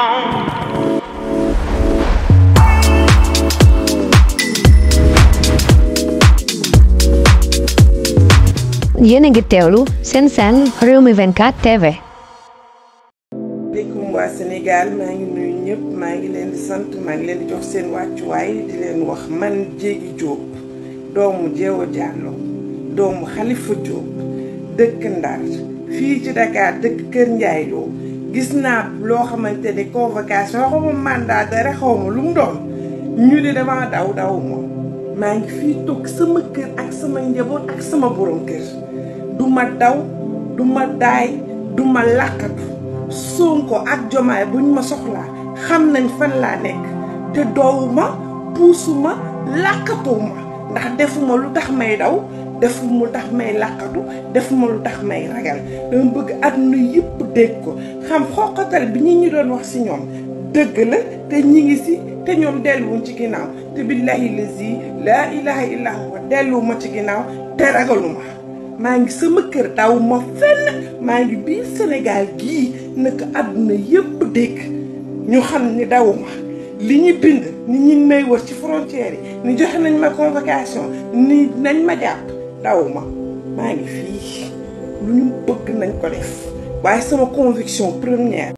yéen a ngi teewlu seen seen réew mi 24 TV. maaleykum waa Sénégal maa ngi nuyu ñëpp maa ngi leen sant maa ngi leen di jox seen wàccuwaay di leen wax man Jéegi Jóob doomu Jeewo Jàllo doomu Xalifa Jóob dëkk Ndar fii ci Dakar dëkk Kër Njaay Jóob gis naa loo xamante ne convocation xaw ma mandat dara xaw ma lu mu doon ñu de damaa daw daw ma maa ngi fii toog sama kër ak sama njaboot ak sama borom kër du ma daw du ma daay du ma làqatu Sonko ak Jomaay buñ ma soxlaa xam nañ fan laa nekk te doowu ma puusu ndax defuma lu tax may daw defuma lu tax may làqatu defuma lu tax may ragal dama bëgg àdduna yëpp dégg ko xam xoqatal bi ñi ñu doon wax si ñoom dëgg la te ñi ngi si te ñoom delluwuñ ci ginnaaw te billahi lazi laa ilaha illa huwa delluwuma ci ginnaaw te ragaluma maa ngi sama kër daw ma fenn maa ngi biir Sénégal gii naka àdduna yëpp dégg ñu xam ni dawuma li ñu bind ni ñi may ci frontière yi ni joxe nañ ma convocation ni nañ ma jàpp dawuma maa ngi fii lu ñu bëgg nañ ko def waaye sama conviction première